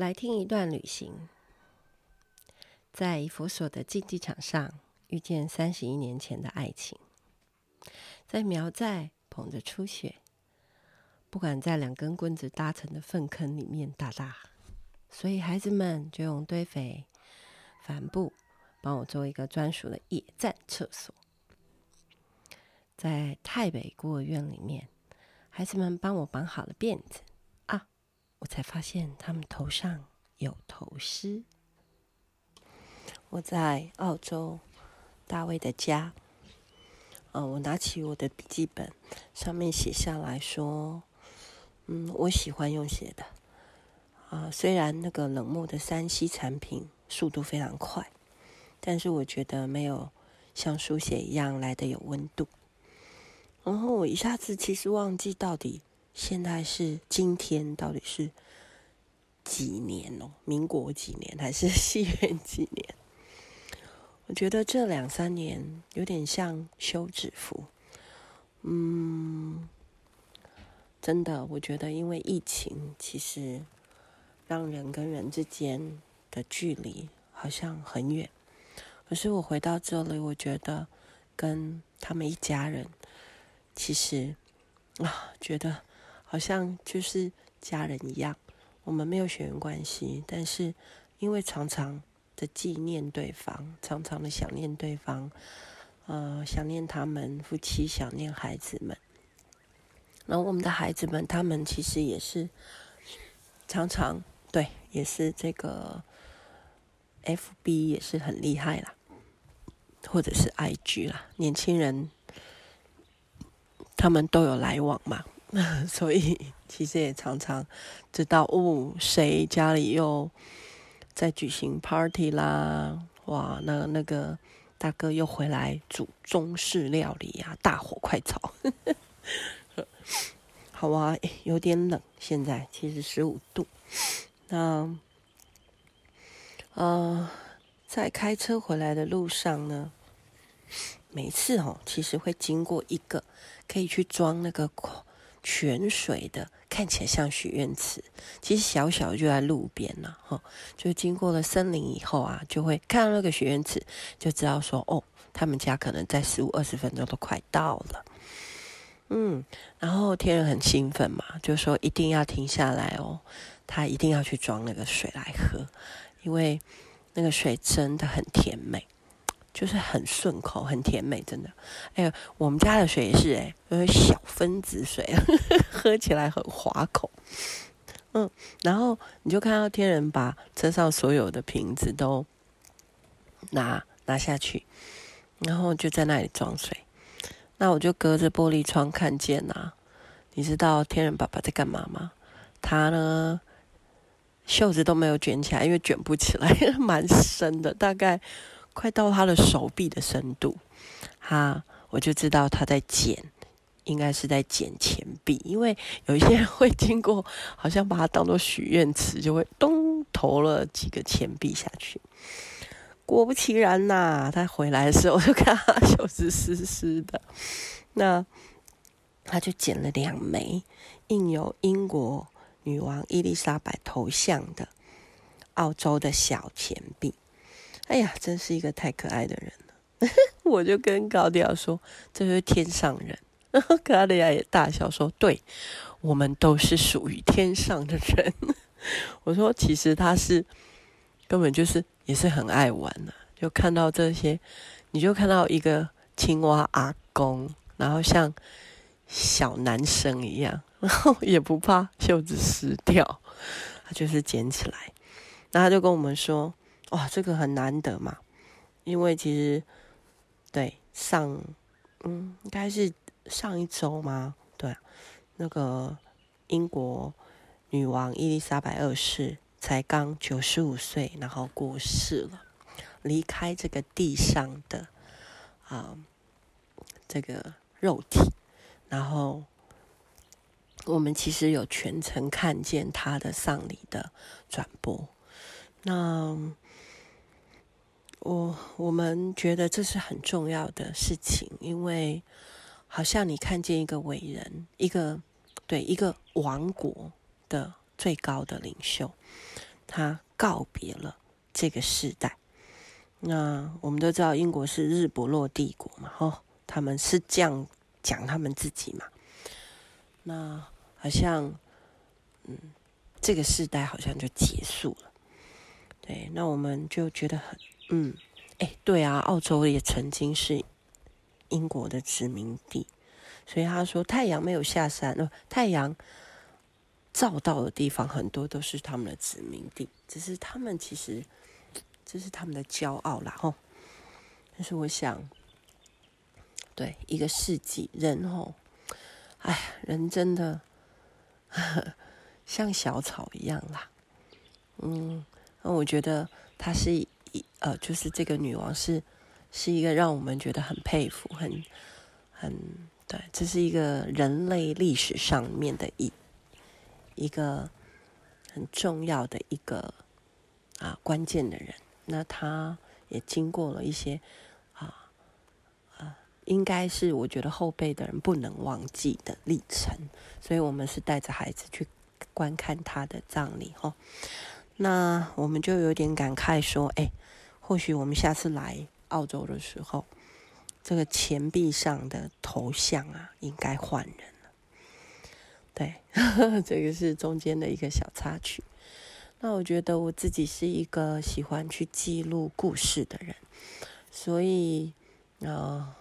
來聽一段旅行，在以弗所的競技場上遇見三十一年前的愛情，在苗寨捧着初雪，不敢在兩根棍子搭成的糞坑裡面打打，所以孩子們就用堆肥、帆布幫我做一個專屬的野戰廁所。在泰北孤兒院裡面，孩子們幫我綁好了辮子。我才發現他們頭上有頭蝨。我在澳洲大衛的家，啊，嗯，我拿起我的筆記本，上面寫下來說：“嗯，我喜歡用寫的啊，雖然那個冷漠的三 C 產品速度非常快，但是我覺得沒有像書寫一樣來得有溫度。”然後我一下子其實忘記到底。現在是今天，到底是幾年哦，民國幾年還是西元幾年？我覺得這兩三年有點像休止符。嗯，真的，我覺得因為疫情，其實讓人跟人之間的距離好像很遠。可是我回到這裡，我覺得跟他們一家人，其實啊，覺得。好像就是家人一樣，我們沒有血緣關係，但是因為常常的紀念對方，常常的想念對方，呃，想念他們夫妻，想念孩子們。然後我們的孩子們，他們其實也是常常對，也是這個 FB 也是很厲害啦，或者是 IG 啦，年輕人，他們都有來往嘛。 所以其實也常常知道，哦，誰家裡又在舉行 party 啦？哇，那那個大哥又回來煮中式料理呀，啊，大火快炒。 好啊，欸，有點冷，現在其實十五度。那嗯、呃、在開車回來的路上呢，每次哦，其實會經過一個可以去裝那個。泉水的，看起來像許願池，其實小小就在路邊了哈，就經過了森林以後啊，就會看到那個許願池，就知道說哦，他們家可能在十五二十分鐘都快到了。嗯，然後天人很興奮嘛，就說一定要停下來哦，他一定要去裝那個水來喝，因為那個水真的很甜美，就是很順口，很甜美，真的。哎呦，我們家的水也是哎，就是小分子水呵呵，喝起來很滑口。嗯，然後你就看到天人把車上所有的瓶子都拿拿下去，然後就在那裡裝水。那我就隔着玻璃窗看見啊，你知道天人爸爸在幹嘛嗎？他呢袖子都沒有捲起來，因為捲不起來，蠻 深的，大概。快到他的手臂的深度，哈，我就知道他在撿，應該是在撿錢幣，因為有一些人會經過，好像把它當做許願池，就會咚投了幾個錢幣下去。果不其然吶、啊，他回來的時候，我就看他手是濕濕的，那他就撿了兩枚印有英國女王伊麗莎白頭像的澳洲的小錢幣。哎呀，真是一個太可愛的人了！ 我就跟高調說：“這就是天上人。”然後高利亞也大笑說：“對，我們都是屬於天上的人。 ”我說：“其實他是根本就是也是很愛玩的、啊，就看到這些，你就看到一個青蛙阿公，然後像小男生一樣，然後也不怕袖子濕掉，他就是撿起來。”然後他就跟我們說。哇、哦，這個很難得嘛，因為其實，對上，嗯，應該是上一周嗎？對、啊，那個英國女王伊麗莎白二世才剛九十五歲，然後過世了，離開這個地上的啊、嗯、這個肉體，然後我們其實有全程看見她的喪禮的轉播，那。我、oh, 我們覺得這是很重要的事情，因為好像你看見一個偉人，一個，對，一個王國的最高的領袖，他告別了這個時代。那我們都知道，英國是日不落帝國嘛，吼、哦，他們是這樣講他們自己嘛。那好像，嗯，這個時代好像就結束了。對，那我們就覺得很。嗯，哎、欸，對啊，澳洲也曾經是英國的殖民地，所以他說太陽沒有下山，哦、呃，太陽照到的地方很多都是他們的殖民地，只是他們其實這，這是他們的驕傲啦，吼、哦。但是我想，對，一個世紀人吼，哎，人真的，呵呵，像小草一樣啦。嗯，那我覺得他是。呃，就是這個女王是，是一個讓我們覺得很佩服，很，很對，這是一個人類歷史上面的一一個很重要的一個啊關鍵的人。那她也經過了一些啊啊，應該是我覺得後輩的人不能忘記的歷程。所以我們是帶着孩子去觀看她的葬禮，哦。那我們就有點感慨說，哎。或許我們下次來澳洲的時候，這個錢幣上的頭像啊，應該換人了。對，呵呵，這個是中間的一個小插曲。那我覺得我自己是一個喜歡去記錄故事的人，所以啊、呃，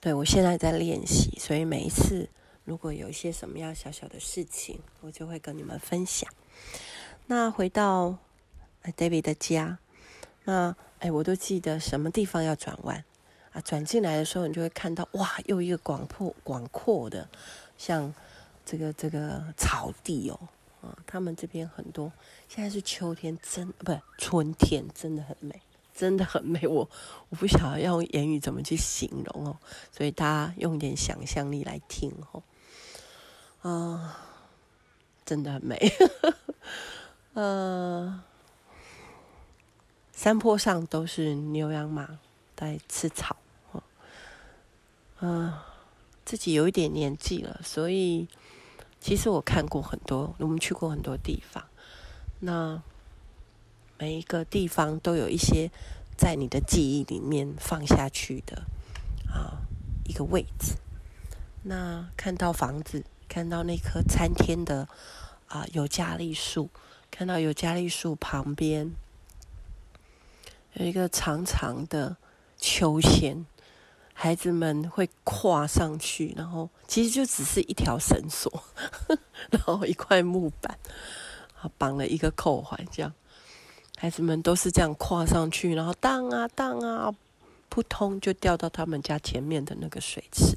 對，我現在在練習，所以每一次如果有一些什麼樣小小的事情，我就會跟你們分享。那回到。David 的家，那哎、欸，我都記得什麼地方要轉彎啊？轉進來的時候，你就會看到哇，又一個廣闊廣闊的，像這個這個草地哦啊。他們這邊很多，現在是秋天，真不是春天，真的很美，真的很美。我我不曉得用言語怎麼去形容哦，所以大家用一點想象力來聽哦。啊、呃，真的很美，嗯、 呃。山坡上都是牛羊馬在吃草，啊、嗯，自己有一點年紀了，所以其實我看過很多，我們去過很多地方，那每一個地方都有一些在你的記憶裡面放下去的啊一個位置。那看到房子，看到那棵參天的啊尤加利樹，看到尤加利樹旁邊。有一個長長的秋千，孩子們會跨上去，然後其實就只是一條繩索，呵呵然後一塊木板，綁了一個扣環，這樣，孩子們都是這樣跨上去，然後盪啊盪啊，撲通就掉到他們家前面的那個水池。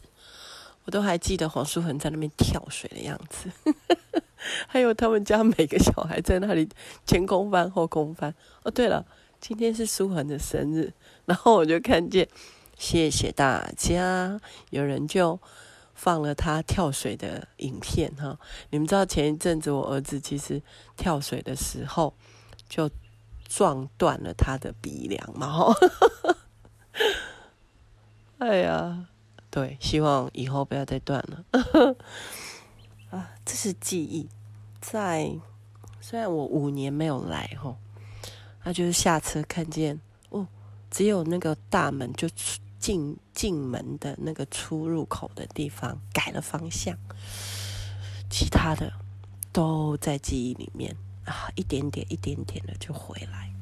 我都還記得黃淑恆在那邊跳水的樣子呵呵，還有他們家每個小孩在那裡前空翻後空翻。哦，對了。今天是舒桓的生日，然後我就看見，謝謝大家。有人就放了他跳水的影片，哈！你們知道前一陣子我兒子其實跳水的時候就撞斷了他的鼻梁嘛，哈哈哈哈哈！哎呀，對，希望以後不要再斷了。呵呵啊，這是記憶，在雖然我五年沒有來，吼、哦。那就是下車看見哦，只有那個大門就進進門的那個出入口的地方改了方向，其他的都在記憶裡面啊，一點點一點點的就回來。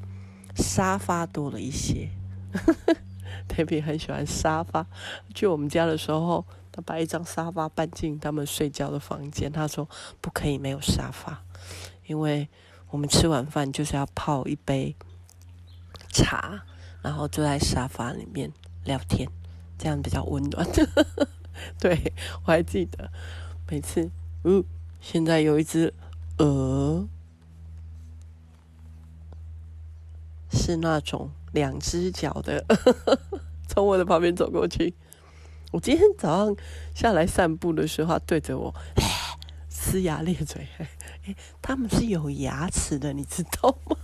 沙發多了一些，呵呵呵 貝貝很喜歡沙發。去我們家的時候，他把一張沙發搬進他們睡覺的房間，他說不可以沒有沙發，因為。我們吃完飯就是要泡一杯茶，然後坐在沙發裡面聊天，這樣比較溫暖。 對，我還記得，每次，嗯、哦，現在有一隻鵝，是那種兩只腳的， 從我的旁邊走過去。我今天早上下來散步的時候，它對着我呲 牙咧嘴。欸、他們是有牙齒的，你知道嗎？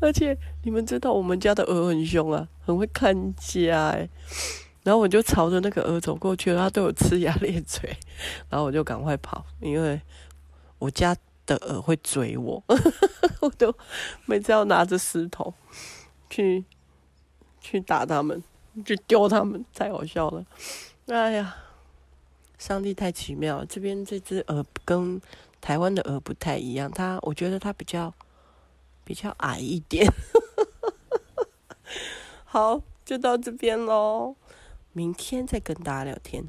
而且你們知道我們家的鵝很凶啊，很會看家哎、欸。然後我就朝着那個鵝走過去，它對我呲牙咧嘴，然後我就趕快跑，因為我家的鵝會追我， 我都每次要拿着石頭去去打它們，去丟它們，太好笑了。哎呀，上帝太奇妙了，這邊這隻鵝跟台灣的鵝不太一樣，它我覺得它比較比較矮一點。 好，就到這邊嘍，明天再跟大家聊天。